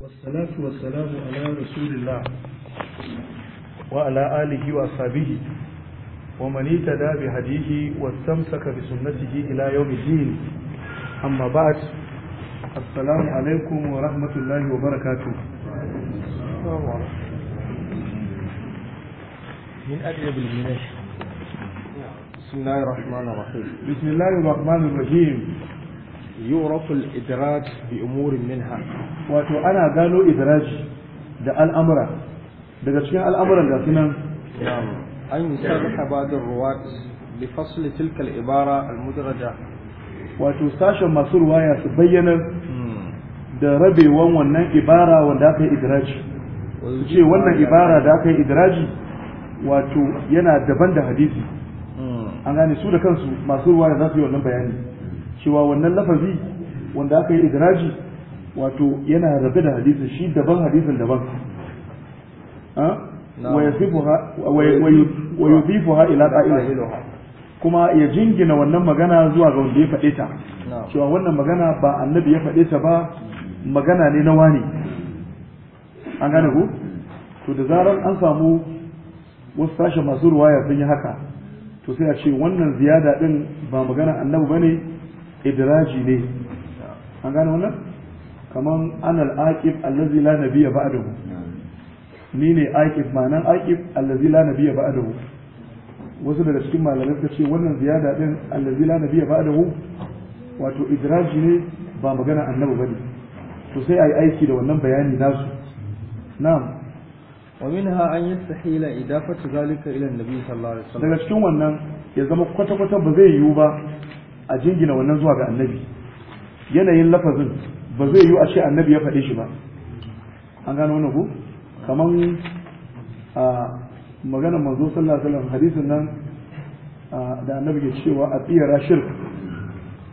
والصلاة والسلام على رسول الله وعلى آله وأصحابه ومن اهتدى بهديه واستمسك بسنته إلى يوم الدين أما بعد السلام عليكم ورحمة الله وبركاته من أجل بالمنش بسم الله الرحمن الرحيم بسم الله الرحمن الرحيم yuraful wato ana gano idraji da al'amura daga cikin al'amuran da sunan wato sashen masu ruwaya su bayyana hmm. da rabewan wannan ibara wanda aka yi idraji su ce wannan ibara da aka yi idraji wato yana daban da hadisi hmm. su da kansu masu ruwaya za su yi wannan bayani cewa wannan lafazi wanda aka yi igraji wato yana rabe da hadisin shi daban hadisin daban wa ha ila qa'iliha kuma ya jingina wannan magana zuwa ga wanda ya faɗe ta cewa wannan magana ba annabi ya faɗe ta ba magana ne na wani an gane ku to da zarar an samu wasu sashen masu ruwaya sun yi haka to sai a ce wannan ziyada din ba magana annabi ne? idraji ne an gane wannan kaman anal aqib allazi la nabiyya ba'dahu ni ne aqib ma'anan aqib allazi la nabiyya ba'dahu wasu daga cikin malamai suka ce wannan ziyada din allazi la nabiyya ba'dahu wato idraji ne ba magana annabi bane to sai ai aiki da wannan bayani nasu na'am ومنها أن يستحيل إضافة ذلك إلى النبي صلى الله عليه وسلم. daga cikin wannan ya zama kwata-kwata ba zai yiwu ba a jingina wannan zuwa ga annabi yanayin lafazin ba zai yiwu a ce annabi ya faɗe shi ba an gano wani ku kaman a magana manzo sallallahu alaihi wasallam hadisin nan da annabi ke cewa a tsira shirk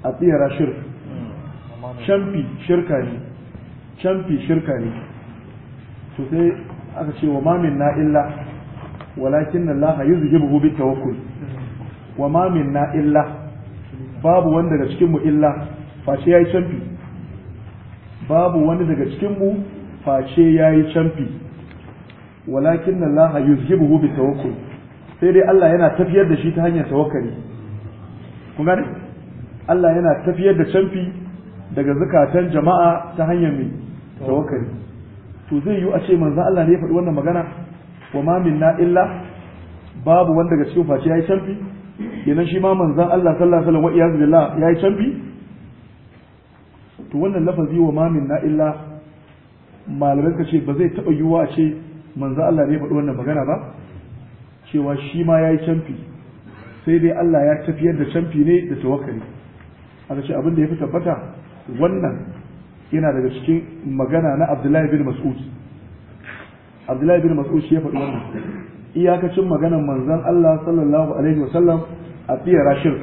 a tsira shirk shamfi shirka ne shamfi shirka ne to sai aka ce wa mamin na illa walakin Allah bi bitawakkul wa mamin na illa babu wanda daga cikin mu illa face yayi canfi babu wani daga cikin mu face yayi canfi walakin Allah yuzhibuhu bi tawakkul sai dai Allah yana tafiyar da shi ta hanyar tawakkali kun gane Allah yana tafiyar da canfi daga zakatan jama'a ta hanyar mai tawakkali to zai yi a ce manzo Allah ne ya faɗi wannan magana wa ma minna illa babu wanda daga cikin face yayi canfi kenan shi ma manzan Allah sallallahu alaihi wasallam wa billah yayi canfi to wannan lafazi wa ma'amin na illa malamai ka ce ba zai taba yiwuwa a ce manzan Allah ne faɗi wannan magana ba cewa shi ma yayi canfi sai dai Allah ya tafiyar da canfi ne da tawakkali aka ce abin da ya fi tabbata wannan yana daga cikin magana na Abdullahi bin Mas'ud Abdullahi bin Mas'ud shi ya faɗi wannan iyakacin maganar manzon Allah sallallahu alaihi wasallam a tsira shirk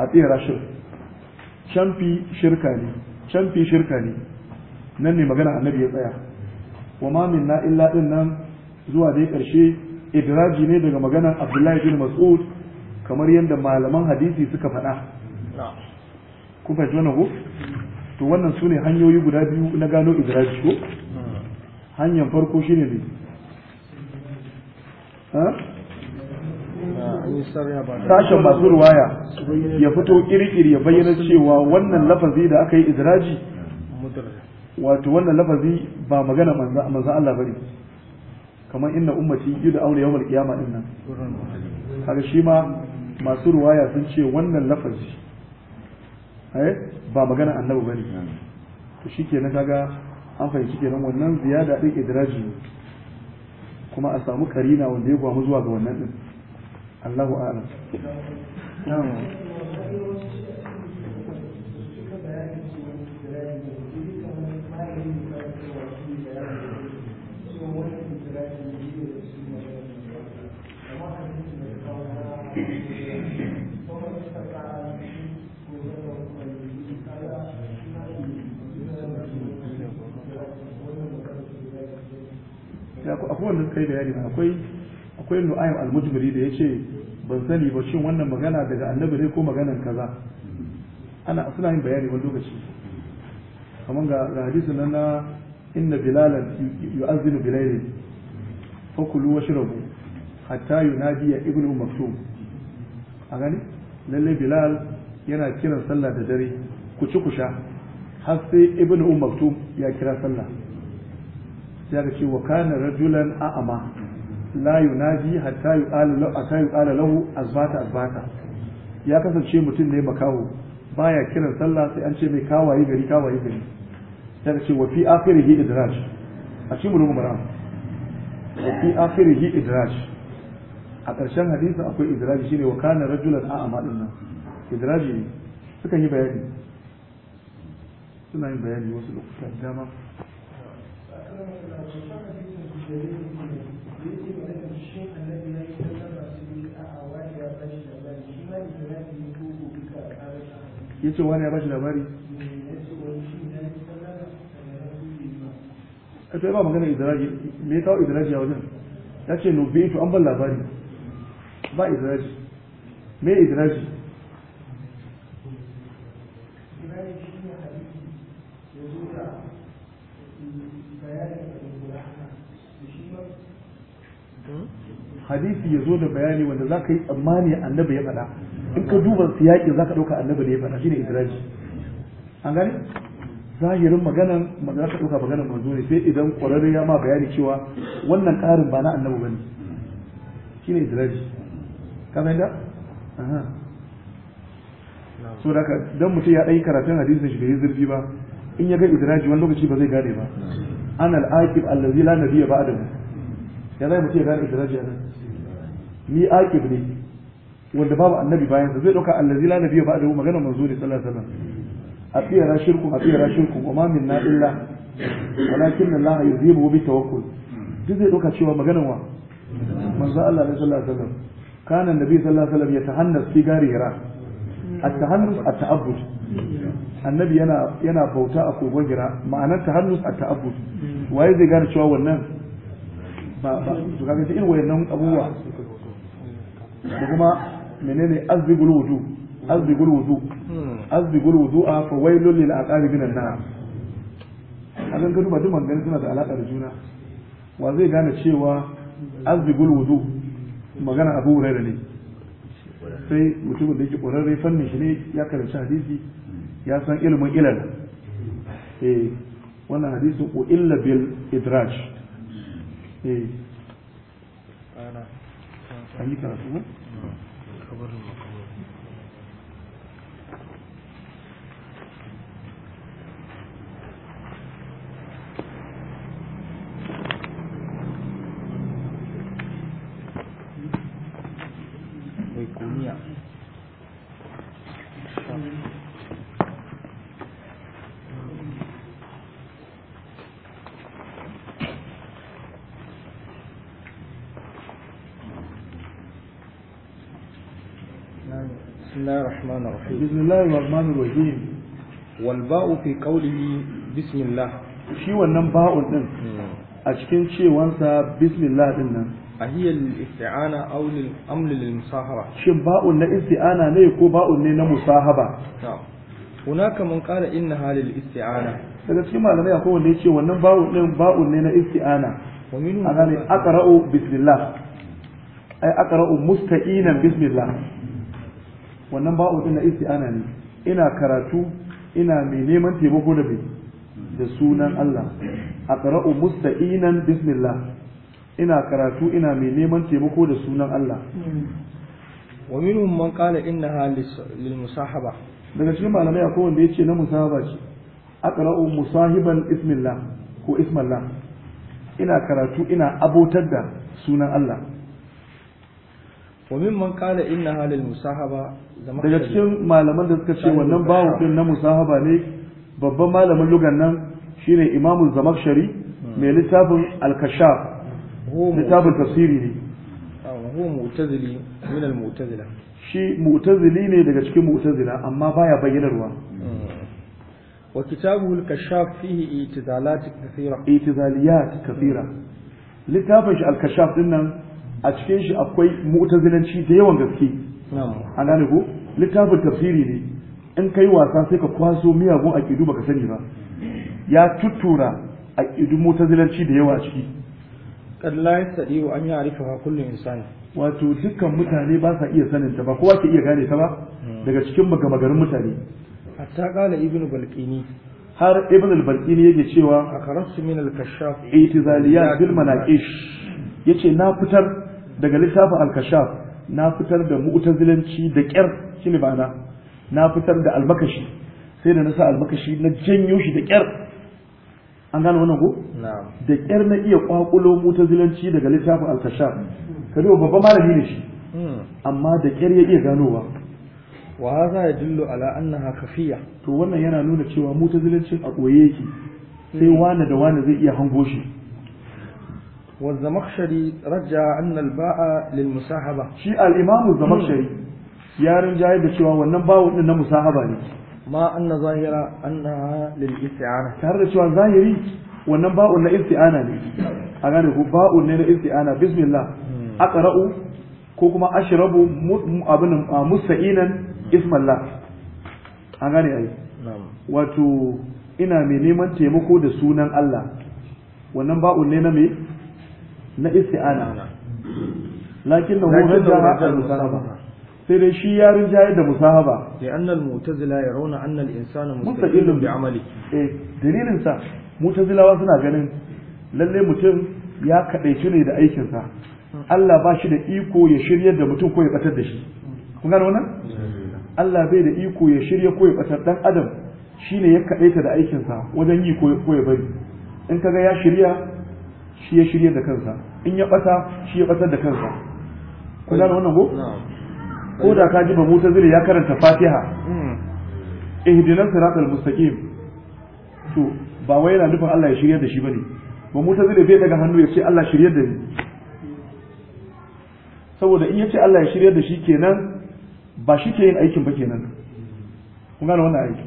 a tsira shirk canfi shirka ne canfi shirka ne nan ne magana annabi ya tsaya wa ma minna illa din nan zuwa dai karshe idraji ne daga maganar Abdullahi bin Mas'ud kamar yadda malaman hadisi suka faɗa kun fahimci wannan ko to wannan su ne hanyoyi guda biyu na gano idraji ko hmm. hanyar farko shine ne sashen masu ruwaya ya fito kirkir ya bayyana cewa wannan lafazi da aka yi idraji wato wannan lafazi ba magana manzo Allah bari kamar inna ummati da aure yawmal qiyama din nan kaga shi ma masu ruwaya sun ce wannan lafazi eh ba magana annabi bane to shikenan kaga an fahimci kenan wannan ziyada din idraji ne kuma a samu karina wanda ya gwamu zuwa ga wannan din Allahu a'lam akwai kai kai yi bayani akwai akwai nu'aym al-mujmiri da yace ban sani ba shin wannan magana daga annabi ne ko maganan kaza ana suna yin bayani wani lokaci kamar ga hadisi nan na inna bilalan yu'azzinu bilailin fakulu washrabu hatta ya ibnu maktum a gani lalle bilal yana kiran sallah da dare ku ci ku sha har sai ibnu maktum ya kira sallah sai aka ce wa kana rajulan a'ama la yunaji hatta yu'ala lahu azbata azbata ya kasance mutum ne makaho baya kiran sallah sai an ce mai kawaye gari kawaye gari sai aka ce wa fi akhirihi idraj a cikin ulumul maram wa fi akhirihi idraj a ƙarshen hadisi akwai idraji shine wa kana rajulan a'ama din nan idraji sukan yi bayani suna yin bayani wasu lokutan dama ya ce wani ya bashi labari a ta yi ba magana idiraji me kawo idiraji a wajen ya ce nobe ito an ban labari ba idiraji me idiraji hadisi ya zo da bayani wanda za ka yi tsammani annabi ya faɗa in ka duba yaƙi za ka ɗauka annabi da ya faɗa shine idraji an gani zahirin maganan za ka ɗauka maganan manzo ne sai idan ƙwararre ya ma bayani cewa wannan ƙarin ba na annabi ba ne shine idraji ka fahimta so da ka don mutum ya ɗan karatun hadisin shi bai yi zurfi ba in ya ga idraji wani lokaci ba zai gane ba an al allazi la ba adamu ya zai mutum ya gane idraji nan ni aqib ne wanda babu annabi bayan sa zai dauka allazi la nabiyya ba'dahu magana manzo ne sallallahu alaihi wasallam afiyara shirku afiyara shirku wa ma minna illa walakin Allah yuzibu bi tawakkul duk zai dauka cewa maganar wa manzo Allah ne sallallahu alaihi wasallam kana annabi sallallahu alaihi wasallam yatahannas fi gari hira at-tahannus at-ta'abbud annabi yana yana bauta a kogon hira ma'anar tahannus at-ta'abbud waye zai gane cewa wannan ba ba to kaga nan wayannan abubuwa da kuma menene azbigul wudu azbigul wudu azbigul wudu a fa wailul lil aqabi minan a hakan ka duba duk maganganun suna da alaka da juna wa zai gane cewa azbigul wudu magana abu hurairah ne sai mutumin da yake ƙwararre fannin shi ne ya karanci hadisi ya san ilimin ilal eh wannan hadisi ko illa bil idraj eh an yi karatu ne الله الرحمن الرحيم بسم الله الرحمن الرحيم والباء في قوله بسم الله shi wannan ba'un din hmm. a cikin cewansa bismillah din nan a hiya isti'ana aw lil musahaba shin ba'un na isti'ana ne ko ba'un ne na musahaba hunaka man qala inna halil isti'ana daga cikin malamai akwai wanda yace wannan ba'un din ba'un ne na isti'ana wa minhu musta'inan bismillah wannan ba'u din na isti'ana ne ina karatu ina mai neman taimako da bai da sunan Allah A aqra'u musta'inan bismillah ina karatu ina mai neman taimako da sunan Allah wa minhum man qala innaha lil musahaba daga cikin malamai akwai wanda yace na musahaba ce aqra'u musahiban ismillah ko ismallah ina karatu ina abotar da sunan Allah wa mimman qala inna halil daga cikin malaman da suka ce wannan bawo din na musahaba ne babban malamin lugan nan shine imamu zamakshari mai littafin al-kashaf littafin tafsiri ne ah, huwa mu'tazili min al-mu'tazila shi ne daga cikin mu'tazila amma baya bayyanarwa hmm. wa kitabuhu al-kashaf fihi itizalat kathira itizaliyat kathira littafin shi al-kashaf din nan a cikin shi akwai mu'tazilanci da yawan gaske A gane ko littafin tafsiri ne in kai wasa sai ka kwaso miyagun aƙidu baka sani ba ya tuttura mota mu'tazilanci da yawa ciki kallai sadi wa an kullu insan wato dukkan mutane ba sa iya sanin ta ba kowa ke iya gane ta ba hmm. daga cikin magamagarin mutane hatta kala ibnu balqini har ibn al-balqini yake cewa akarasu min al-kashaf itizaliyat bil manaqish yace na fitar daga littafin alkashaf na fitar da mu'tazilanci da kyar ne ba'ana na fitar da almakashi sai da na sa almakashi na janyo shi da kyar an gane wannan ko da kyar na iya kwakulo mu'tazilanci daga littafin alkashaf kashaf kaje babban malami ne shi hmm. amma da kyar ya iya ganowa wa ya dillo ala annaha khafiyya to wannan yana nuna cewa mu'tazilancin a koye yake sai wane da wane zai iya hango shi والزمخشري رجع أن الباء للمصاحبة شيء الإمام الزمخشري يا رجاء بشوا والنباء وإن مصاحبة لي ما أن ظاهرة أنها للاستعانة تهرد شوا ظاهري والنباء وإن استعانة لي أغاني هو باء وإن استعانة بسم الله أقرأ كوكما أشرب أبن مستعينا اسم الله أغاني أي wato ina mai neman taimako da sunan Allah wannan ba'un ne na mai na isti'ana lakin da hujja da musahaba sai dai shi ya rinja da musahaba ya annal mu'tazila ya rauna annal insana mustaqillun bi amali eh dalilin sa mu'tazilawa suna ganin lalle mutum ya kadaici ne da aikin sa Allah ba shi da iko ya shirya da mutum ko ya batar da shi kun gano wannan Allah bai da iko ya shirya ko ya batar dan adam shine ya kadaita da aikin sa wajen yi ko ya bari in kaga ya shirya shi ya shirya da kansa in ya ɓata, shi ya ɓatar da kansa ku gane wannan ko ko da ka ji ba mutazili ya karanta fatiha hmm. ihdinas siratal mustaqim to ba wai yana nufin Allah ya shirya da shi bane ba mutazili bai daga hannu ya ce Allah shirya da ni saboda in ya ce Allah ya shirya da shi kenan ba shi ke yin aikin ba kenan ku gane wannan aiki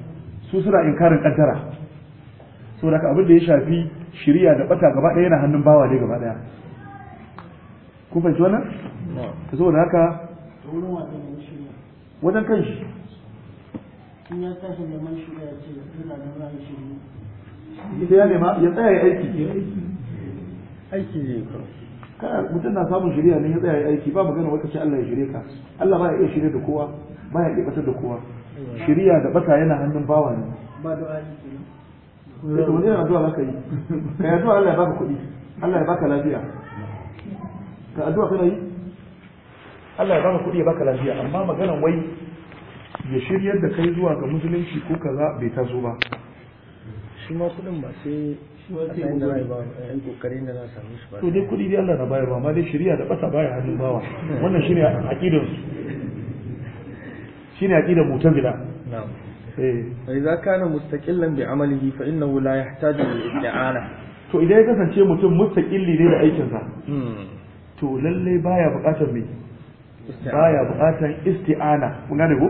su suna inkarin kaddara saboda abin da ya shafi Shirya da bata gaba ɗaya yana hannun bawa ne gaba ɗaya kun fahimci wannan ta saboda haka wajen kan shi in ya ya nema ya tsaya ya aiki aiki ne kana mutum na samun shirya ne ya tsaya ya aiki ba magana wata ce Allah ya shirye ka Allah ba ya iya shirya da kowa ba ya iya da kowa shirya da bata yana hannun bawa ne ba da aiki sai eh, wani yana addu'a zaka yi kai addu'a Allah ya baka kuɗi Allah ya baka lafiya ka addu'a kana yi Allah ya baka kuɗi ya baka lafiya amma maganan wai ya shiryar da kai zuwa ga musulunci ko kaza bai ta zo ba shi ma kuɗin ba sai to dai kuɗi dai Allah na bayar ba amma dai shiriya da ɓata baya hannun bawa wannan shine aqidar su shine aqidar mutazila na'am fa idza kana mustaqillan bi amalihi fa innahu la yahtaju lil isti'ana to idan ya kasance mutum mustaqilli ne da aikin sa to lalle baya buƙatar me baya buƙatar isti'ana kun gane ko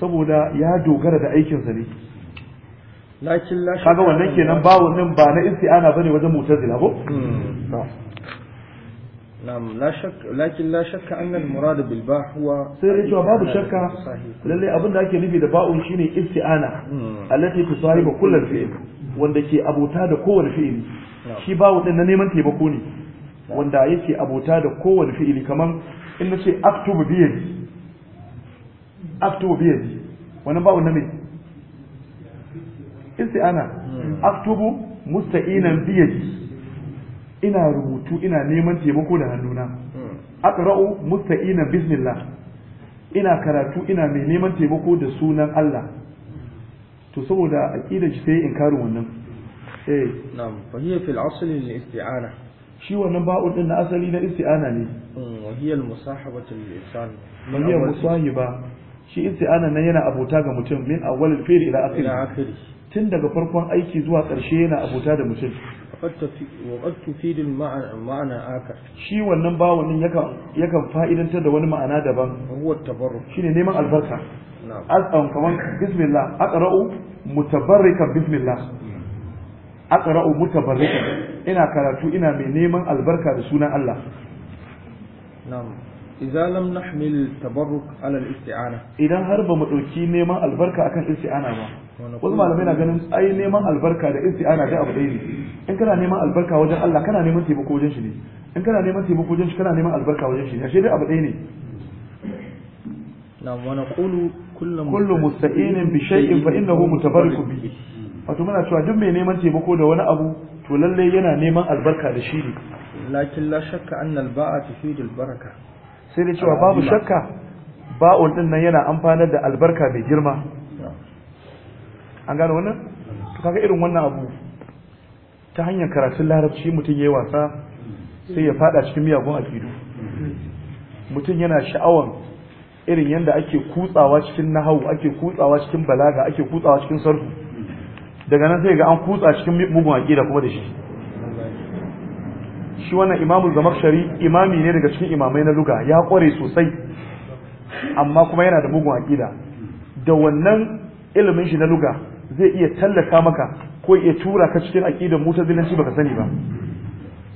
saboda ya dogara da aikin sa ne lakin la kaga wannan kenan ba wannan ba na isti'ana bane wajen mu'tazila ko نعم لا شك لكن لا شك أن المراد بالباء هو سير جوا باب للي أبن ذاك نبي دباء شيني استعانة التي تصاحب كل الفئل wanda ke abota da kowane fi'ili shi ba wadin na neman taimako ne wanda yake abota da kowane fi'ili kaman in ce aktubu bi yadi aktubu bi yadi wannan ba aktubu musta'inan bi ina rubutu ina neman taimako da hannuna hmm. aqra'u musta'ina bismillah ina karatu ina mai neman taimako da sunan Allah to saboda aqidar shi sai inkarin wannan eh na'am fa hiya fil asl lil isti'ana shi wannan ba'u din na asali na isti'ana ne hmm. wa hiya al musahabatu lil insan wa hiya musahiba shi isti'ana nan yana abota ga mutum min awwal fi'l ila akhir tun daga farkon aiki zuwa ƙarshe yana abota da mutum وقد تفيد المعنى معنى آخر wannan bawo din yakan yakan fa'idantar da wani ma'ana daban huwa tabarruk shine neman albarka na'am um, kaman bismillah aqra'u mutabarrikan bismillah aqra'u mutabarrikan ina karatu ina mai neman albarka da sunan Allah na'am idza lam nahmil tabarruk idan har ba mu neman albarka akan isti'ana ba wasu malamai na ganin ai neman albarka da isti'ana da abu ɗaya ne in kana neman albarka wajen Allah kana neman taimako wajen shi ne in kana neman taimako wajen shi kana neman albarka wajen shi ne ashe dai abu ɗaya ne na'am wa naqulu kullu musta'inin bi shay'in fa innahu mutabarriku bihi wato muna cewa duk mai neman taimako da wani abu to lalle yana neman albarka da shi ne lakin la anna baa sai dai cewa babu shakka ba'ul din nan yana amfanar da albarka mai girma an gano wannan to kaga irin wannan abu ta hanyar karatun larabci mutum ya yi wasa sai ya fada cikin miyagun akidu mutum yana sha'awan irin yadda ake kutsawa cikin nahawu ake kutsawa cikin balaga ake kutsawa cikin sarfu daga nan sai ga an kutsa cikin mugun akida kuma da shi shi wannan imamul zamakshari imami ne daga cikin imamai na luga ya kware sosai amma kuma yana da mugun aƙida da wannan ilimin shi na luga zai iya tallaka maka ko ya tura ka cikin aqidar mutazilanci baka sani ba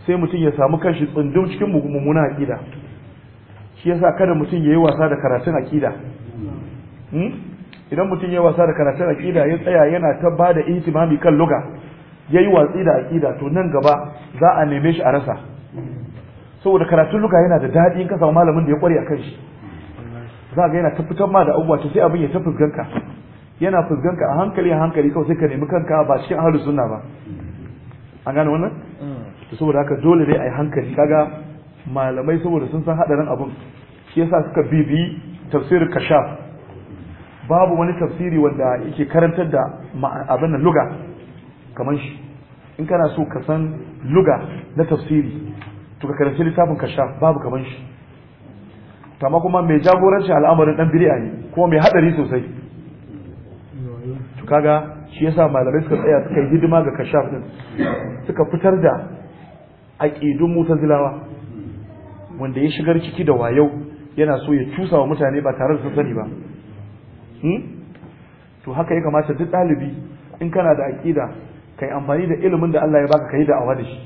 sai mutum ya samu kanshi tsundum cikin mummunan aƙida shi yasa kada mutum ya yi wasa da karatun aƙida hmm? idan mutum ya yi wasa da karatun aƙida ya tsaya yana ta ba da ihtimami kan luga ya yi watsi da aƙida to nan gaba za a neme shi a rasa saboda karatun luka yana da daɗi in ka samu malamin da ya ƙware a kan shi za ga yana ta ma da abubuwa ta sai abin ya ta fuskanka yana fuskanka a hankali a hankali kawai sai ka nemi kanka ba cikin ahlus suna ba A gane wannan to saboda haka dole dai a yi hankali kaga malamai saboda sun san hadarin abun shi yasa suka bibi tafsir kashaf babu wani tafsiri wanda yake karantar da abin nan luga kamar shi in kana so ka san luga na tafsiri to ka karanci littafin kasha babu kamar shi amma kuma mai jagoranci al'amarin dan bid'a ne kuma mai hadari sosai to kaga shi yasa malamai suka tsaya suka yi hidima ga kashaf din suka fitar da aqidun mutazilawa wanda ya shigar ciki da wayau yana so ya cusa wa mutane ba tare da sun sani ba hmm? to haka ya kamata duk ɗalibi in kana da aƙida Ka yi amfani da ilimin da Allah ya baka kai da'awa da shi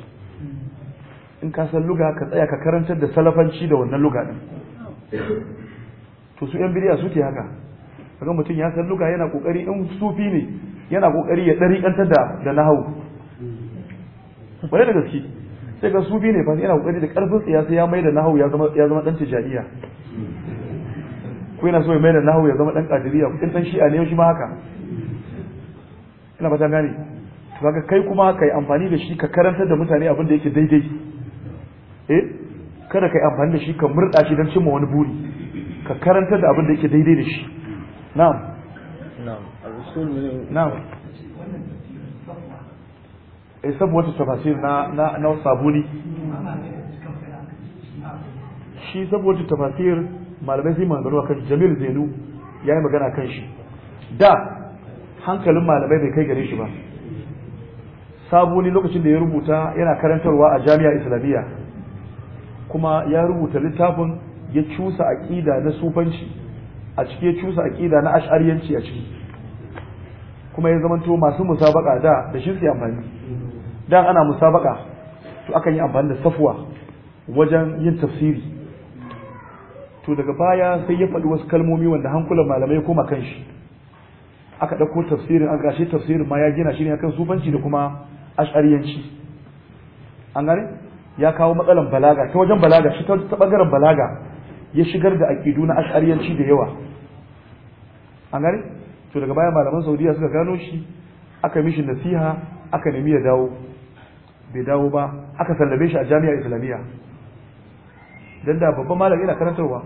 in ka san luga ka tsaya ka karantar da salafanci da wannan luga din to su yan bidiya suke haka kaga mutum ya san luga yana kokari in sufi ne yana kokari ya dariƙantar da da nahawu bare da gaske sai ga sufi ne fa yana kokari da karfin ya sai ya mai da nahawu ya zama ya zama dan tijariya ko yana so ya mai da nahawu ya zama dan kadiriya kun san shi'a ne shi ma haka ina ba ta gane kaga kai kuma kai amfani da shi ka karanta da mutane abin da yake daidai eh kada kai amfani da shi ka murda shi don cimma wani buri ka karanta da abin da yake daidai da shi na'am na'am na'am eh saboda tafsir na na na sabuni shi saboda tafsir malamai sai magana kan Jamil Zainu yayi magana kan shi da hankalin malamai bai kai gare shi ba sabuni lokacin da ya rubuta yana karantarwa a jami'a islamiyya kuma ya rubuta littafin ya cusa aƙida na sufanci a ciki ya cusa aƙida na ash'ariyanci a ciki kuma ya zama to masu musabaka da da shi yi amfani dan ana musabaka to akan yi amfani da safuwa wajen yin tafsiri to daga baya sai ya faɗi wasu kalmomi wanda hankulan malamai ya koma kan shi aka ɗauko tafsirin a gashi tafsirin ma ya gina shi ne akan sufanci da kuma ash'ariyanci an gane ya kawo matsalan balaga ta wajen balaga shi ta bangaren balaga ya shigar da aƙidu na ash'ariyanci da yawa an gane to daga baya malaman saudiya suka gano shi aka mishi nasiha aka nemi ya dawo bai dawo ba aka sallame shi a jami'ar islamiyya dan da babban malami yana karantarwa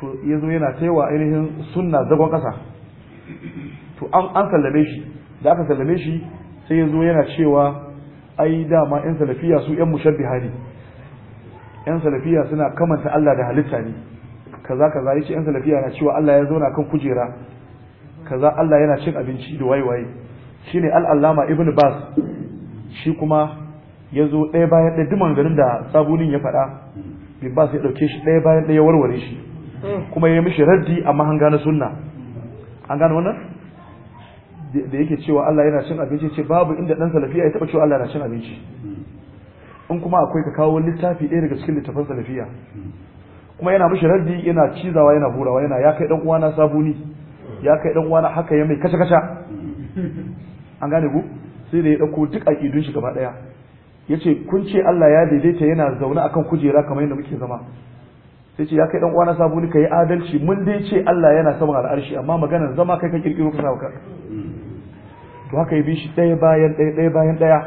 to ya zo yana taiwa ainihin sunna zagon kasa to an sallame shi da aka sallame shi sai ya zo yana cewa ai dama yan salafiya su yan mushabbiha ne yan salafiya suna kamanta Allah da halitta ne kaza kaza yace yan salafiya na cewa Allah ya zauna kan kujera kaza Allah yana cin abinci da waiwaye shine al-allama ibn bas shi kuma ya zo ɗaya bayan ɗaya duman garin da sabunin ya faɗa bin bas ya ɗauke shi ɗaya bayan ɗaya warware shi hmm. kuma ya yi mishi raddi amma an gane sunna an gane wannan da yake cewa Allah yana cin abinci ce babu inda dan salafiya ya taba cewa Allah yana cin abinci in kuma akwai ka kawo littafi ɗaya daga cikin littafan salafiya kuma yana mishi raddi yana cizawa yana hurawa yana ya kai dan uwana sabuni ya kai dan uwana haka ya mai kasha kasha an gane ku sai da ya dauko duk aqidun shi gaba daya yace kun ce Allah ya daidaita yana zaune akan kujera kamar yadda muke zama sai ce ya kai dan uwana sabuni kai adalci mun dai ce Allah yana saman al'arshi amma maganar zama kai ka kirkiro ka to haka ya bi shi ɗaya bayan ɗaya ɗaya bayan ɗaya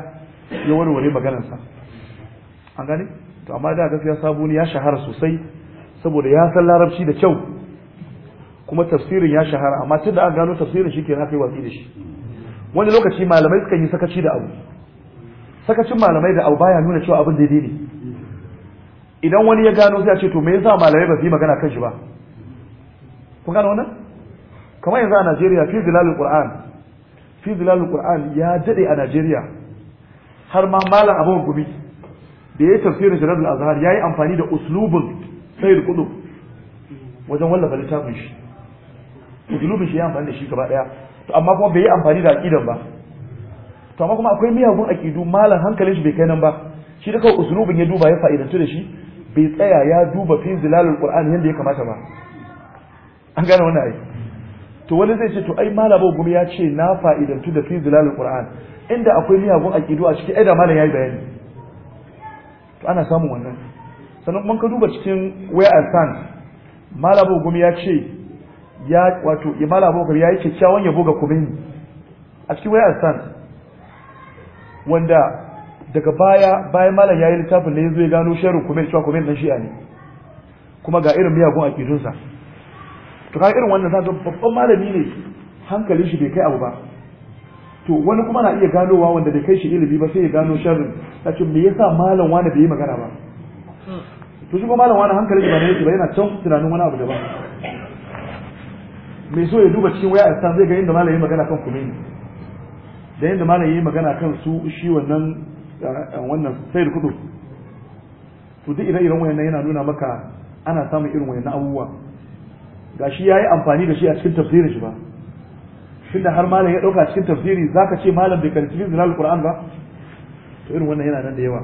ya warware maganarsa an gane to amma da gaskiya ni ya shahara sosai saboda ya san larabci da kyau kuma tafsirin ya shahara amma da an gano tafsirin shi kenan aka yi watsi da shi wani lokaci malamai sukan yi sakaci da abu sakacin malamai da abu baya nuna cewa abin daidai ne idan wani ya gano sai a ce to me yasa malamai ba su yi magana kan shi ba kun gano wannan kamar yanzu a Najeriya fi zilalul Qur'an fi zilalul qur'an ya dade a Najeriya har ma malam Abu gumi da yayi tafsirin Jalalul Azhar yayi amfani da uslubun sayyid qutub wajen wallafa littafin shi uslubin shi ya amfani da shi gaba daya to amma kuma bai yi amfani da aqidan ba to amma kuma akwai miyagun aqidu malam hankalin shi bai kai nan ba shi da kawai uslubun ya duba ya fa'idantu da shi bai tsaya ya duba fi zilalul qur'an yanda ya kamata ba an gane wannan ayi to wani zai ce to ai malabo gumi ya ce na fa'idantu da fi zilalul qur'an inda akwai miyagun aqidu a ciki ai da malam yayi bayani to ana samun wannan sannan kuma ka duba cikin where I stand malabo gumi ya ce ya wato ya malabo gumi ya yi kyakkyawan yabo ga kumeni a cikin where I stand wanda daga baya bayan malam yayi littafin ne yazo ya gano sharru kumeni cewa kumeni dan shi'a ne kuma ga irin miyagun aqidunsa to kaga irin wannan zaka babban malami ne hankalin shi bai kai abu ba to wani kuma na iya ganowa wanda bai kai shi ilimi ba sai ya gano sharrin ce me yasa malam wani bai yi magana ba to shi kuma malam wani hankalin shi ba ne yake ba yana can tunanin wani abu daban mai so ya duba cikin waya a zai ga inda malam yi magana kan kuma da yadda malam yi magana kan su shi wannan wannan sayar kudu to duk ire-iren wayannan yana nuna maka ana samun irin wayannan abubuwa Ga shi ya yi amfani da shi a cikin tafsirin shi ba shi da har malam ya ɗauka a cikin tafsiri ka ce malam bai karanci zinal qur'an ba to irin wannan yana nan da yawa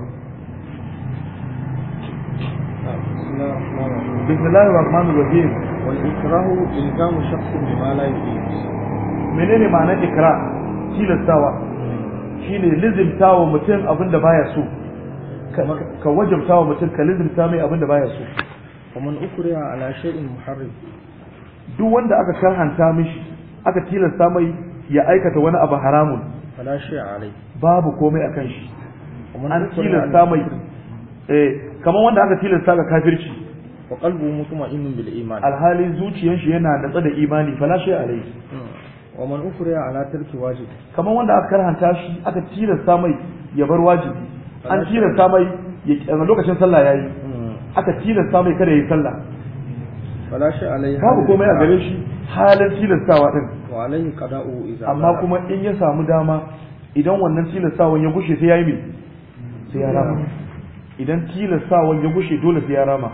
بسم الله الرحمن الرحيم والإكراه إلزام شخص بما لا يريد منين معنى إكراه؟ تيلستاوا shine lizimta wa mutum abin da baya so ka wajabta wa mutum ka lizimta mai abin da baya so ومن أكره على شيء محرم duk wanda aka karhanta mishi aka tilasta mai ya aikata wani abu haramun babu komai akan shi an tilasta mai eh kamar wanda aka tilasta ga kafirci wa qalbuhu mutma'innun bil iman alhali zuciyar shi yana natsa da imani fala shay alai wa man ukriya ala tarki wajib kamar wanda aka karhanta shi aka tilasta mai ya bar wajibi an tilasta mai lokacin sallah yayi hmm. aka tilasta mai kada ya yi sallah babu komai a gare shi halin tilastawa din amma kuma in ya samu dama idan wannan tilastawan ya gushe sai yayi yi sai ya rama idan tilastawan ya gushe dole sai ya rama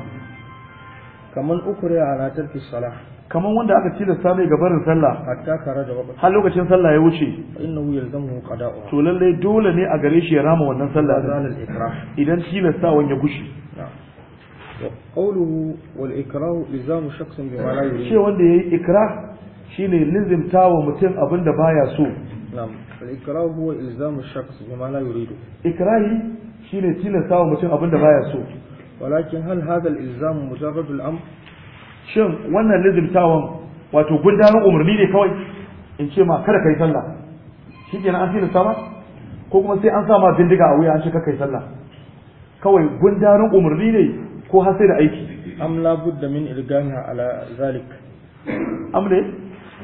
kaman ukuri a ratar salah kaman wanda aka tilasta mai gabarin sallah hatta kare da wakati har lokacin sallah ya wuce innahu yalzamu qada'u to lalle dole ne a gare shi ya rama wannan sallah idan tilastawan ya gushe qawluhu wal ikrahu lizamu shakhsin bima la yurid shi wanda yayi ikrah shine lizimta wa mutum abinda baya so na'am wal ikrahu huwa ilzamu shakhs bima la yurid ikrahi shine tilasta wa mutum abinda baya so walakin hal hadha al ilzam mujarrad al amr shin wannan lizimtawan wato gundarin umarni ne kawai in ce ma kada kai sallah shi kenan an tilasta ma ko kuma sai an sama bindiga a wuya an ce ka kai sallah kawai gundarin umarni ne ko har sai da aiki am la budda min ilgamiha ala zalik am ne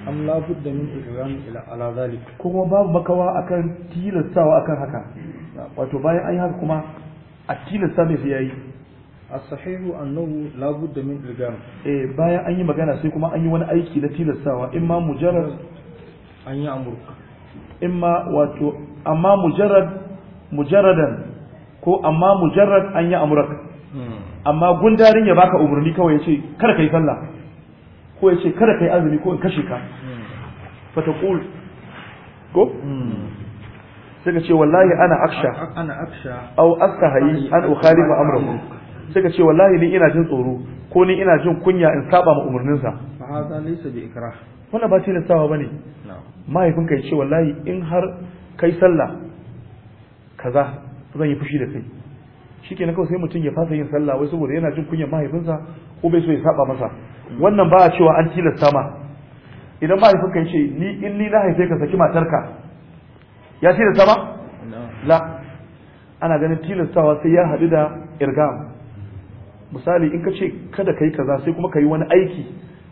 am la budda min ilgami ila ala zalik kuma babu makawa akan tilastawa akan haka wato bayan ai haka kuma a tilasta mai yayi as-sahihu annahu la budda min ilgam eh bayan an yi magana sai kuma an yi wani aiki na tilastawa in ma mujarrad an yi amurka. in ma wato amma mujarrad mujarradan ko amma mujarrad an yi amuraka amma gundarin ya baka umarni kawai ya ce kada ka yi sallah ko ya ce kada ka yi azumi ko in kashe ka fatakul ko sai ka ce wallahi ana aksha ana aksha au astahayi an ukhalifa amrahu sai ka ce wallahi ni ina jin tsoro ko ni ina jin kunya in saba ma umarninsa fa hada laysa bi ikrah wala ba sawa bane mahaifin ka ya ce wallahi in har kai sallah kaza zan yi fushi da kai na kawai sai mutum ya fasa yin sallah wai saboda yana jin kunyar mahaifinsa ko bai so ya saba masa wannan ba a cewa an tilasta ma idan mahaifinka ya ce ni in ni na haife ka saki matarka ya tilasta ma la ana ganin tilastawa sai ya haɗu da irgam misali in ka ce kada ka yi kaza sai kuma ka yi wani aiki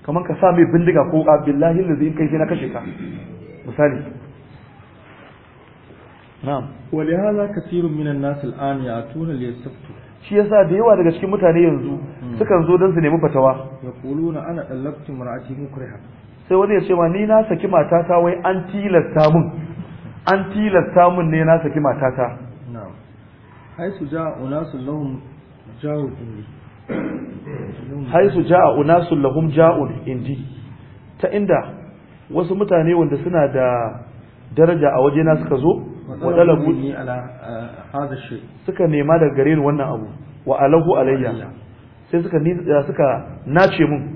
kamar ka sa mai bindiga ko billahi lazi in kai sai na kashe ka misali na'am walihala kathirun minan nas al'an ya'tuna liyastaftu shi yasa da yawa daga cikin mutane yanzu hmm. sukan zo don su nemi fatawa yaquluna ana dallabtu mar'ati mukriha sai wani ya ce ma ni na saki matata wai an tilasta mun an tilasta mun ne na saki matata na'am su ja unasu lahum ja'u su ja unasu lahum ja'un indi ta inda wasu mutane wanda suna da daraja a waje na suka zo ni ala uh, hada suka nema da gare ni wannan abu wa alahu alayya sai suka ni uh, suka nace mun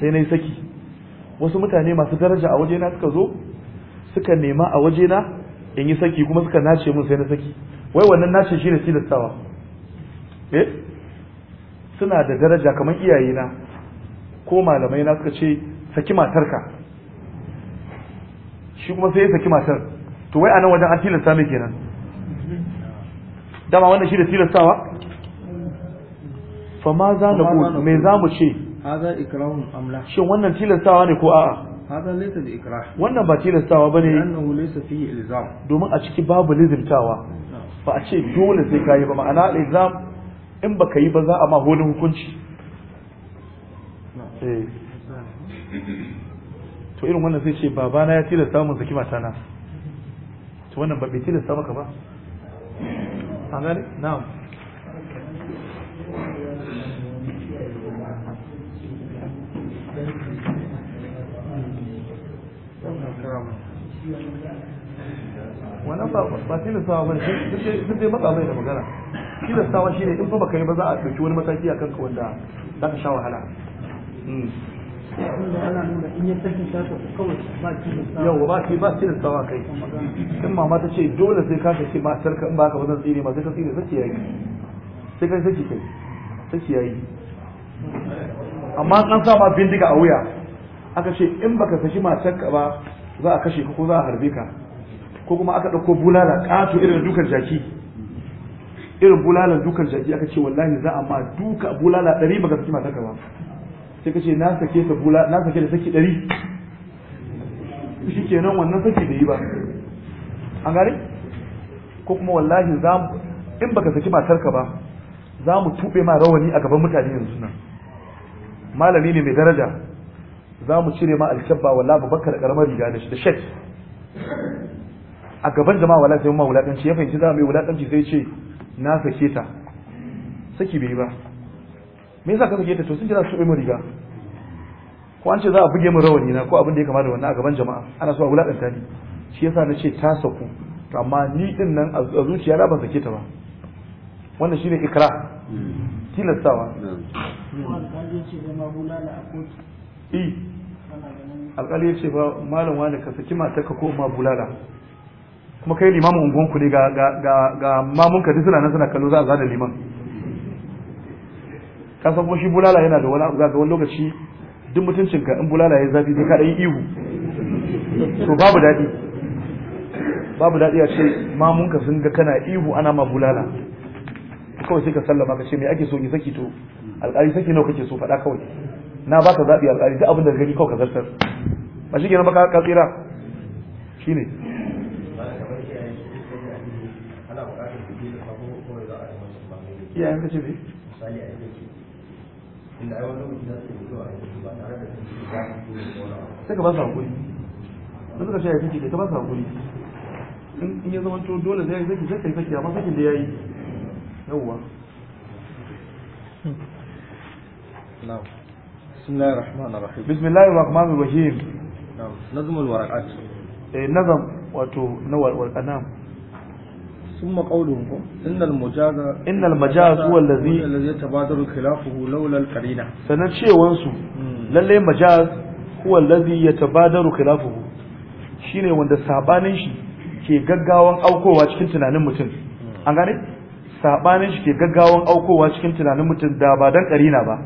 sai nayi saki wasu mutane masu daraja a wajena suka zo suka nema a wajena in yi saki kuma suka nace mun sai na saki wai wannan nace shi ne tilastawa eh suna da daraja kamar iyayena ko malamai na suka ce saki matarka shi kuma sai ya saki matar to wai anan wajen an tilasta mai kenan dama wannan shi da tilastawa fa ma za na ku me za mu ce hada ikrahun amla shin wannan tilastawa ne ko a'a hada laysa bi ikrah wannan ba tilastawa bane ne. laysa ilzam domin a ciki babu lizimtawa ba a ce dole sai kayi ba ma'ana ilzam in baka yi ba za a ma hukunci eh. to irin wannan sai ce babana ya tilasta mun saki matana to wannan ba bai tilasta maka ba an gane na'am wannan ba tilastawa ba ne duk dai matsa bai da magana tilastawa shi ne in fa baka yi ba za a ɗauki wani mataki a kanka wanda za ka sha wahala hmm. yau ba ki ba tilasta wa kai in mama ta ce dole sai ka sake matar ka in ba ka ba zan tsire ma sai ka tsire sake yayi sai kai sake kai sake yayi amma kan sa ma bindiga a wuya aka ce in baka saki matar ka ba za a kashe ka ko za a harbe ka ko kuma aka dauko bulala kato irin dukan jaki irin bulalan dukan jaki aka ce wallahi za a ma duka bulala 100 baka saki matar ka ba sai ka ce na sake ta bula na sake da saki ɗari shi kenan wannan saki da yi ba an gare ko kuma wallahi za mu in baka saki matar ka ba za mu tuɓe ma rawani a gaban mutane yanzu nan malami ne mai daraja za mu cire ma alkyabba wala babakar karamar riga da shi da shek a gaban jama'a wala sai mu ma wulakanci ya fahimci za mu yi wulakanci sai ce na sake ta saki bai ba me yasa ka buge ta to sun jira su tube mu riga ko an ce za a buge mu rawani na ko abin da ya kama da wannan a gaban jama'a ana so a wulakanta ni shi yasa na ce ta saku amma ni din nan a zuciya na ban sake ta ba wannan shine ikra tilastawa e, alƙali ya ce ba malam wani ka saki mata ka koma bulala kuma kai limamin unguwanku ne ga mamunka duk suna nan suna kallo za a zada liman ka san ko shi bulala yana da wani abu zaka wani lokaci duk mutuncin ka in bulala yayi zafi sai ka dan ihu to babu dadi babu dadi a ce ka sun ga kana ihu ana ma bulala kawai sai ka sallama ka ce me ake so ki saki to alƙali saki nawa kake so faɗa kawai na baka zaɓi alƙali duk abin da gani kawai ka zartar ba shi kenan baka ka tsira shine iyayen kace ne sai ka ba su hakuri da suka shaya kake ka ba su hakuri in ya zama to dole zai zai zai kai saki amma sakin da yi yawwa na'am bismillahir rahmanir eh, na ثم قوله ان المجاز ان المجاز هو الذي الذي يتبادر خلافه لولا القرينه سنشي وانسو لله مجاز هو الذي يتبادر خلافه shine wanda sabanin shi ke gaggawan aukowa cikin tunanin mutum an gane sabanin shi ke gaggawan aukowa cikin tunanin mutum da ba dan karina ba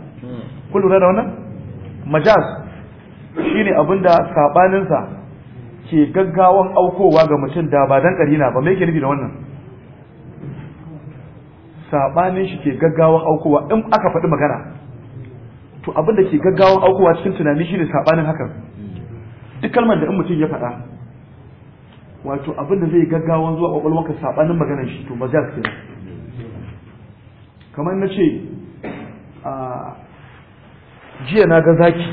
ku lura da wannan majaz shine abinda sabanin sa ke gaggawan aukowa ga mutum da ba dan karina ba me yake nufi da wannan sabanin shi ke gaggawan aukuwa in aka faɗi magana to abin da ke gaggawan aukuwa cikin tunani shine sabanin hakan duk kalmar da in mutum ya faɗa wato abin da zai gaggawan zuwa kwakwalwarka sabanin maganar shi to majaz ke kamar na ce a jiya na ga zaki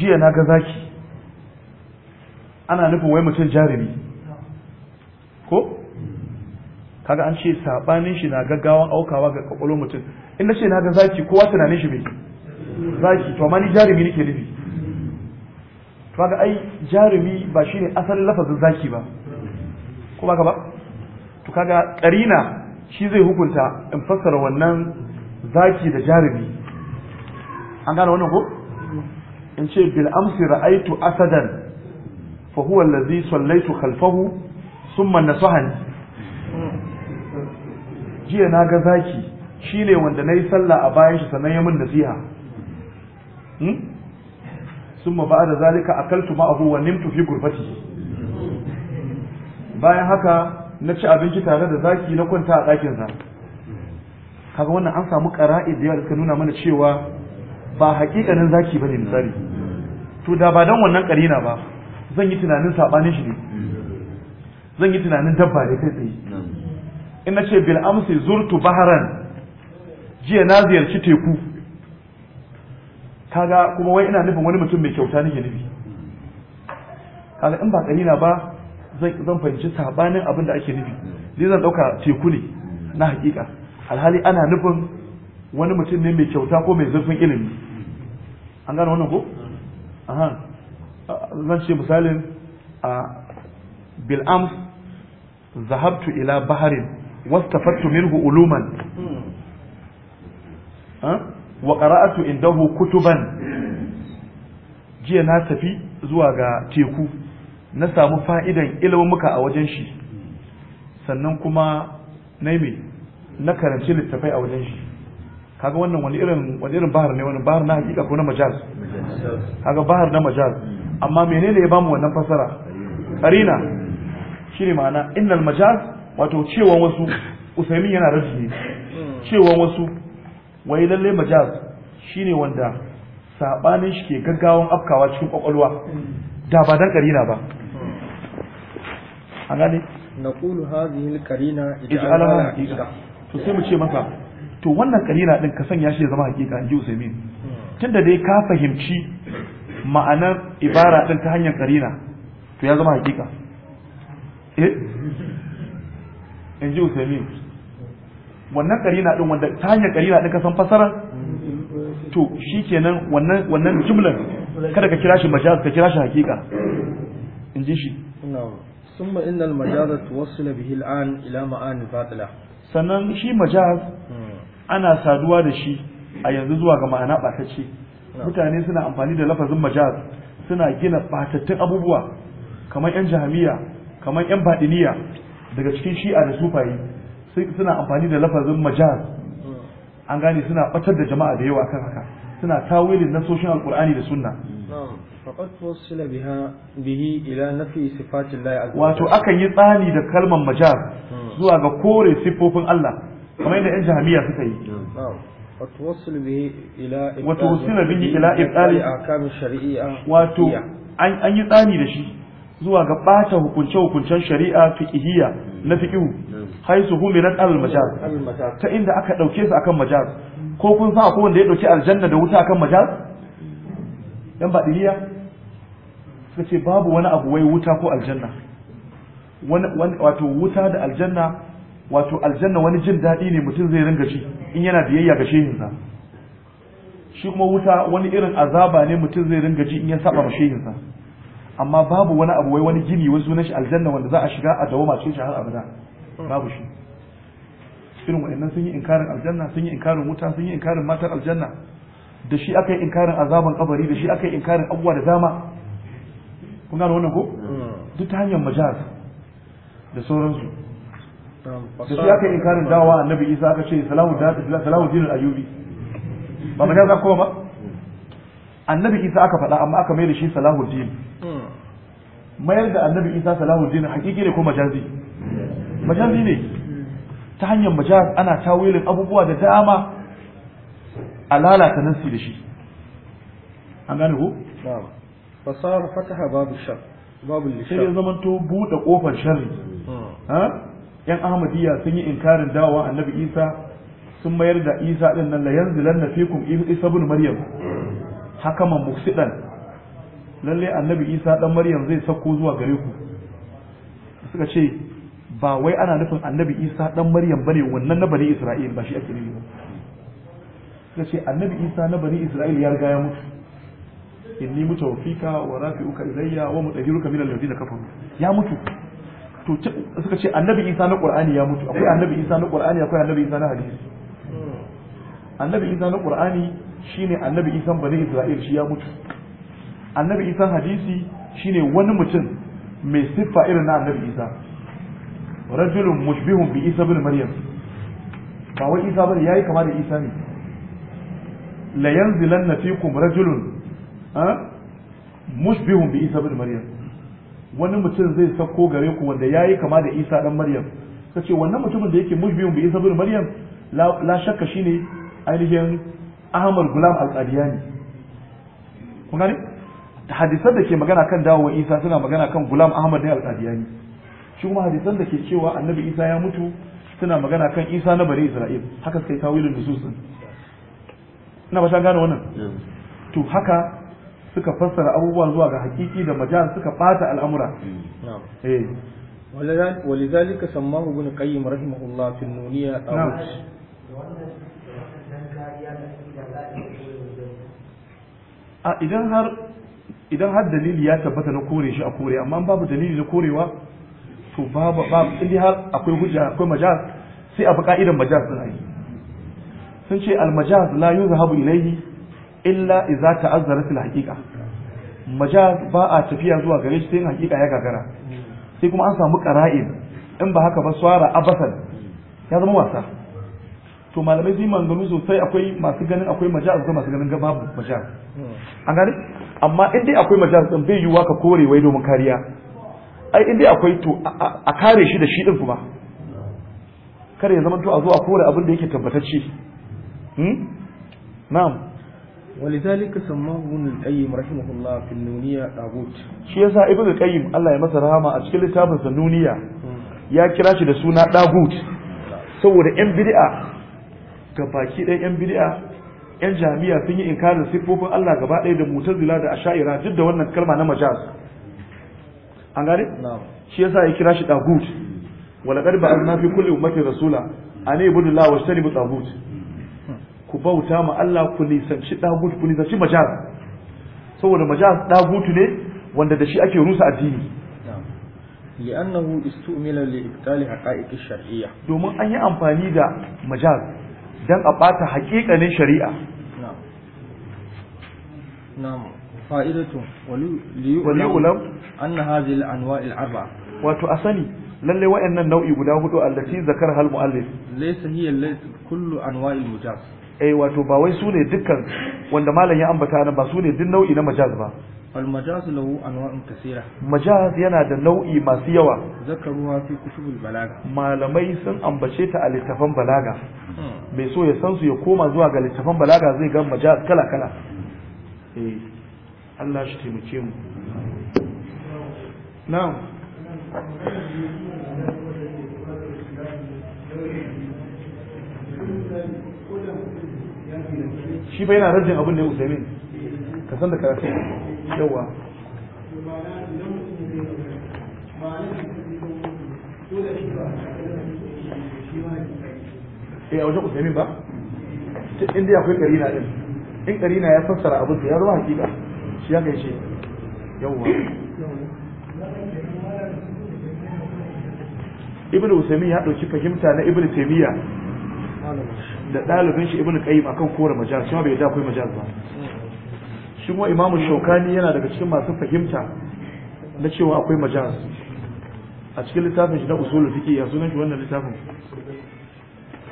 jiya na ga zaki ana nufin wai mutum jarumi kaga an ce sabanin shi na gaggawan aukawa ga kwakwalwar mutum in na ce na ga zaki kowa tunanin shi bai zaki to amma ni jarumi nake nufi to kaga ai jarumi ba shine asalin lafazin zaki ba ko ba ba to kaga karina shi zai hukunta in fassara wannan zaki da jarumi an gane wannan ko in ce bil amsi ra'aitu asadan fa huwa allazi sallaitu khalfahu thumma nasahani jiya na ga zaki shi ne wanda na yi sallah a bayan shi sannan ya min nasiha hmm? sun ma ba'a da zalika a kaltu ma'ahu wa nimtu fi gurbati bayan haka na ci abinci tare da zaki na kwanta a ɗakinsa kaga wannan an samu ƙara'i da yawa da suka nuna mana cewa ba haƙiƙanin zaki ba ne misali to da ba don wannan ƙarina ba zan yi tunanin saɓanin shi ne zan yi tunanin dabba ne kai tsaye in na bil amsi zurtu baharan jiya na ziyarci teku kaga kuma wai ina nufin wani mutum mai kyauta nake nufi kaga in ba na ba zan fahimci sabanin abin da ake nufi ni zan dauka teku ne na hakika alhali ana nufin wani mutum ne mai kyauta ko mai zurfin ilimi an gane wannan ko aha zan ce misalin a bil'am zahabtu ila baharin واستفدت منه علوما وقرأت عنده كتبا jiya na tafi zuwa ga teku na samu fa'idan ilimuka a wajen shi sannan kuma na karanci littafai a wajen shi kaga wannan wani irin wani irin bahar ne wani bahar na hakika ko na majaz kaga bahar na majaz amma menene ya bamu wannan fasara karina shine ma'ana innal majaz wato cewa wasu usaimin yana rashi ne cewa wasu wai lalle majaz shine wanda sabanin shi ke gaggawan afkawa cikin kwakwalwa da ba dan karina ba an gane naqulu hadhihi alqarina ij'alaha haqiqa to sai mu ce masa to wannan karina din ka sanya shi ya zama haƙiƙa, in ji usaimin tunda dai ka fahimci ma'anar ibara din ta hanyar karina to ya zama haƙiƙa. eh in ji usaimin wannan karina din wanda ta hanyar karina din kasan fasara to shi kenan wannan wannan jumlan kada ka kira shi majaz ka kira shi hakika in ji shi ثم إن المجاز توصل به الآن ila ma'ani باطلة sannan shi majaz hmm. ana saduwa da shi a yanzu zuwa ga ma'ana batacce mutane suna amfani da lafazin majaz suna gina batattun abubuwa kamar 'yan jahamiya kamar 'yan baɗiniya daga cikin shi'a da sufaye suna amfani da lafazin majaz an gane suna batar da jama'a da yawa kan haka suna tawilin nasoshin alkur'ani da sunna wato akan yi tsani da kalmar majaz hmm. zuwa ga kore siffofin Allah kamar yadda yan jahamiya suka yi وتوصل به إلى وتوصل به إلى إبطال الأحكام Wato an yi tsani da shi. zuwa ga bata hukunce hukuncen shari'a fiqhiyya na fiqhu haisu humirat al majaz ta inda aka dauke su akan majaz ko kun san akwai wanda ya dauki aljanna da wuta akan majaz dan ba diliya suka ce babu wani abu wai wuta ko aljanna wani wato wuta da aljanna wato aljanna wani jin daɗi ne mutum zai ringa ji in yana biyayya ga shehinsa shi kuma wuta wani irin azaba ne mutum zai ringa ji in ya saba ma shehinsa amma babu wani abu wai wani gini wani sunan shi aljanna wanda za a shiga a dawoma cikin shi har abada hmm. babu shi irin wa'annan sun yi inkarin aljanna sun yi inkarin wuta sun yi inkarin matar aljanna da shi aka yi inkarin azaban kabari da shi aka yi inkarin abubuwa da dama kun gane wannan ko hmm. duk ta hanyar majaz da sauransu hmm. da shi aka yi inkarin dawa annabi isa aka ce salamu salamu dinin ayubi ba majaz aka kuma ba annabi isa aka faɗa amma aka mai da shi salahu din mayar da annabi isa salamu dinin hakiki ne ko majazi majazi ne ta hanyar majaz ana tawilin abubuwa da dama a lalata nassi da shi an gane ko fasar fataha babu shar babu lishar sai ya zama to buɗe kofar sharri hmm. yan ahmadiyya sun yi inkarin dawowa annabi isa sun mayar da isa din nan la yanzilanna fikum isa ibn maryam haka hakaman mufsidan lalle annabi isa dan maryam zai sauko zuwa gare ku suka ce ba wai ana nufin annabi isa dan maryam bane wannan na bani isra'il ba shi ake nufi ba suka ce annabi isa na bani isra'il ya riga ya mutu inni mutawaffika wa rafi'uka ilayya wa mutahhiruka min alladhina kafaru ya mutu to suka ce annabi isa na qur'ani ya mutu akwai annabi isa na qur'ani akwai annabi isa na hadisi annabi isa na qur'ani shine annabi isa bani isra'il shi ya mutu annabi isa hadisi shine wani mutum mai siffa irin na annabi isa rajulun mushbihun bi isa bin maryam ba wai isa bane yayi kama da isa ne la yanzilanna fikum rajulun mushbihun bi isa bin maryam wani mutum zai sako gare ku wanda yayi kama da isa dan maryam kace wannan mutumin da yake mushbihun bi isa bin maryam la shakka shine ainihin ahmar gulam al-qadiyani kun gane hadisan da ke magana kan dawowa isa suna magana kan gulam ahmad al alƙadiyani shi kuma hadisan da ke cewa annabi isa ya mutu suna magana kan isa na bari isra'il haka suka yi tawilin nusus din ina ba ta gane wannan to haka suka fassara abubuwa zuwa ga hakiki da majal suka bata al'amura eh ولذلك سماه ابن القيم رحمه الله في النونية نعم idan har idan har dalili ya tabbata na kore shi a kore amma babu dalili na korewa to babu babu in har akwai hujja akwai majaz sai a bi ka'idan majaz din ai sun ce al majaz la yuzhabu ilayhi illa idza ta'azzarat al haqiqa majaz ba a tafiya zuwa gare shi sai in haqiqa ya gagara sai kuma an samu qara'in in ba haka ba swara abasan ya zama wasa to malamai zai manganu sosai akwai masu ganin akwai majaz ga masu ganin ga babu majaz an gane amma in dai akwai majaz din bai yiwuwa ka kore wai domin kariya ai in dai akwai to a kare shi da shi din kuma kare ya zama to a zo a kore abin da yake tabbatacce hmm na'am ولذلك سماه ابن القيم رحمه الله في النونية طاغوت shi yasa ibn al-qayyim Allah ya masa rahama a cikin littafin sa nuniya hmm. ya kira shi da suna dagut saboda yan bid'a ga baki ɗaya yan bid'a yan jami'a sun yi inkarin siffofin Allah gaba ɗaya da mutazila da asha'ira duk da wannan kalma na majaz an gane shi yasa ya kira shi dagut wala qad ba'athna fi kulli ummatin rasula an ibudu la wa sharibu dagut ku bauta ma Allah ku nisanci dagut ku nisanci majaz saboda majaz dagut ne wanda da shi ake rusa addini لأنه استعمل لإبطال حقائق الشرعية دوما amfani da دا مجاز دان أباتا حقيقة للشريعة نعم فائدة وليعلم أن هذه الأنواع الأربعة nau'i guda hudu allati zakar hal muallif laysa hiya kullu anwa'il mujaz eh wato ba wai sune dukkan wanda malam ya ambata nan ba sune duk nau'i na majaz ba al majaz lahu anwa'un kaseera majaz yana da nau'i masu yawa zakaruha fi kutubul balaga malamai sun ambace ta a littafan balaga mai so ya san su ya koma zuwa ga littafan balaga zai ga majaz kala kala eh Allah shi taimake mu na'am shi bai na rajin abin da ya usaimin ka san da karatu yawa eh a wajen usaimin ba Inda dai akwai na ɗin. in karina ya fassara abin da ya zama hakika shi ya kai ce yawwa ibnu usaimin ya dauki fahimta na ibnu taymiya da dalibin shi ibnu qayyim akan kore majaz shi ma bai da akwai majaz ba shi kuma imamu shaukani yana daga cikin masu fahimta na cewa akwai majaz a cikin littafin shi na usulul fiqh ya sunan shi wannan littafin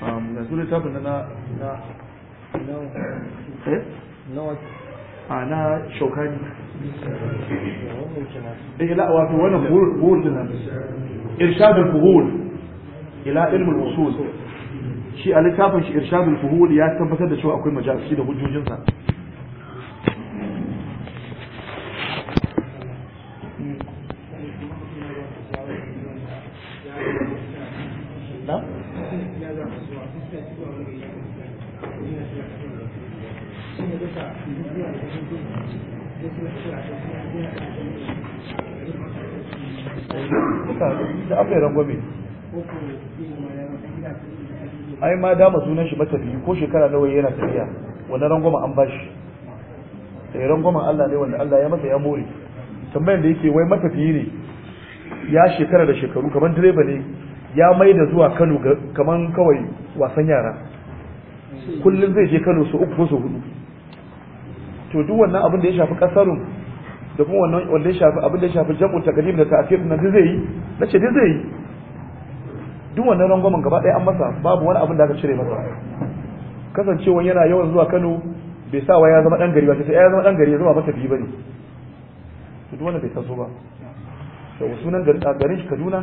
um da sunan littafin na na Eh? ana ah, shaukani eh la wato wannan buhur din nan irshadul fuhul ila ilmul usul shi a littafin shi irshadul fuhul ya tabbatar da cewa akwai majalisi da hujjojinsa hmm. No? da aka yi ai ma dama sunan shi biyu ko shekara nawa yana tafiya wani rangoma an bashi sai rangwamen Allah ne wanda Allah ya masa ya more tambayar da yake wai matafiyi ne ya shekara da shekaru kamar direba ne ya mai da zuwa Kano kamar kawai wasan yara kullum zai je Kano su uku su hudu to duk wannan abin da ya shafi kasarun da kuma wannan wanda ya shafi abin da ya shafi jam'u taqdim da ta'khir na zai yi na ce zai yi duk wannan rangwamen gaba ɗaya an masa babu wani abin da aka cire masa kasancewa yana yawan zuwa Kano bai sa wa ya zama dan gari ba sai ya zama dan gari ya zama mata biyu bane duk wannan bai taso ba to sunan garin garin Kaduna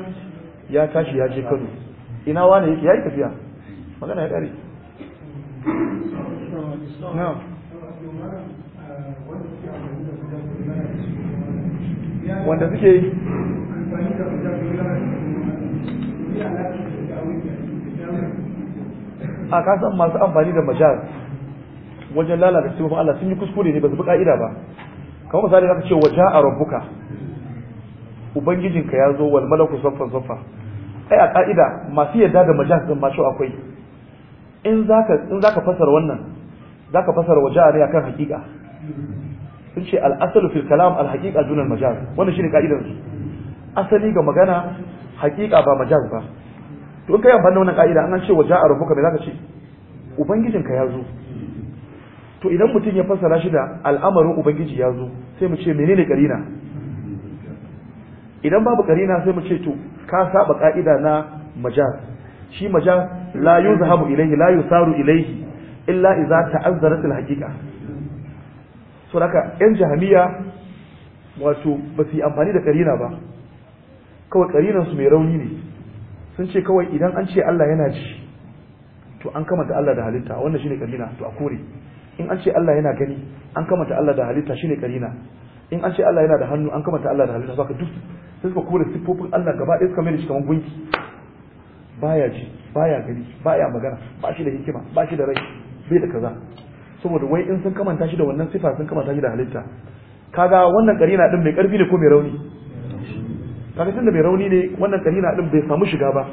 ya tashi ya je Kano ina wani yake yayi tafiya magana ya kare na'am wanda suke yi a kasan masu amfani da majal wajen lalata cikin Allah sun yi kuskure ne ba su bi ka'ida ba kamar misali zaka ce waje a rabbuka ubangijinka ya zo wal malaku saffan zafa ai a ka'ida masu yadda da majal din ma akwai in ka fasar wannan za ka fasar waje a ne a kan hakika sun ce al'asalu fil kalam al haqiqa dunan wannan shine ka'idar su asali ga magana haqiqa ba majaz ba to in kai amfani da wannan ka'ida an ce waja a rabbuka me zaka ce ubangijinka ya zo to idan mutum ya fassara shi da al'amarin ubangiji ya zo sai mu ce menene karina idan babu karina sai mu ce to ka saba ka'ida na majaz shi majaz la yuzhabu ilayhi la yusaru ilayhi illa idza ta'azzarat al haqiqa so haka yan jahamiya wato ba su yi amfani da karina ba kawai karinan su mai rauni ne sun ce kawai idan an ce Allah yana ji to an kamata Allah da halitta wannan shine karina to a kore in an ce Allah yana gani an kamata Allah da halitta shine karina in an ce Allah yana da hannu an kamata Allah da halitta saka duk sai suka kore siffofin Allah gaba ɗaya suka mai shi kamar gunki baya ji baya gani baya magana ba shi da hikima ba shi da rai bai da kaza saboda wai in sun kamanta shi da wannan sifa sun kamanta shi da halitta kaga wannan karina din mai karfi ne ko mai rauni kaga tunda mai rauni ne wannan karina din bai samu shiga ba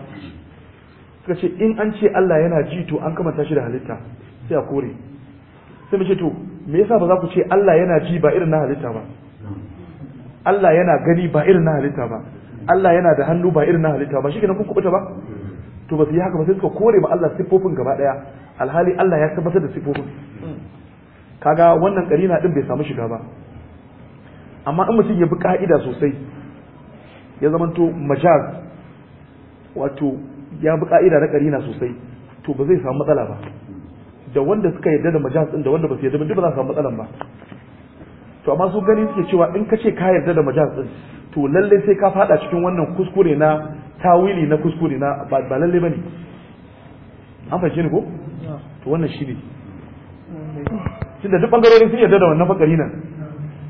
suka ce in an ce Allah yana ji to an kamanta shi da halitta sai a kore sai mu ce to me yasa ba za ku ce Allah yana ji ba irin na halitta ba Allah yana gani ba irin na halitta ba Allah yana da hannu ba irin na halitta ba shikenan kun kubuta ba to ba su yi haka ba sai suka kore ba Allah siffofin gaba daya alhali Allah ya tabbatar da siffofin kaga wannan karina din bai samu shiga ba amma in mutum ya bi ka'ida sosai ya zamanto majaz wato ya bi ka'ida na karina sosai to ba zai samu matsala ba da wanda suka yarda da majaz din da wanda ba su yarda ba duk ba za su samu matsalan ba to amma su gani suke cewa in ka ce ka yarda da majaz din to lallai sai ka fada cikin wannan kuskure na tawili na kuskure na ba lallai bane an fahimci ne ko to wannan shi ne tunda duk bangarorin sun yarda da wannan fakari nan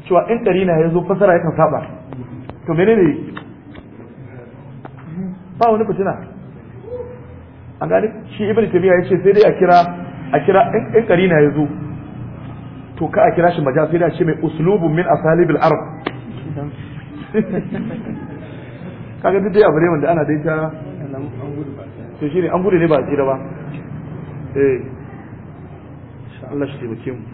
cewa in ɗari na ya zo fasara yakan saba to menene ba wani fitina a gani shi ibn tabiya ya ce sai dai a kira a kira in ɗari na ya zo to ka a kira shi majal sai da ce mai uslubun min al arab kaga duk dai abu ne wanda ana dai ta to shine an gudu ne ba a tsira ba eh Allah shi taimake mu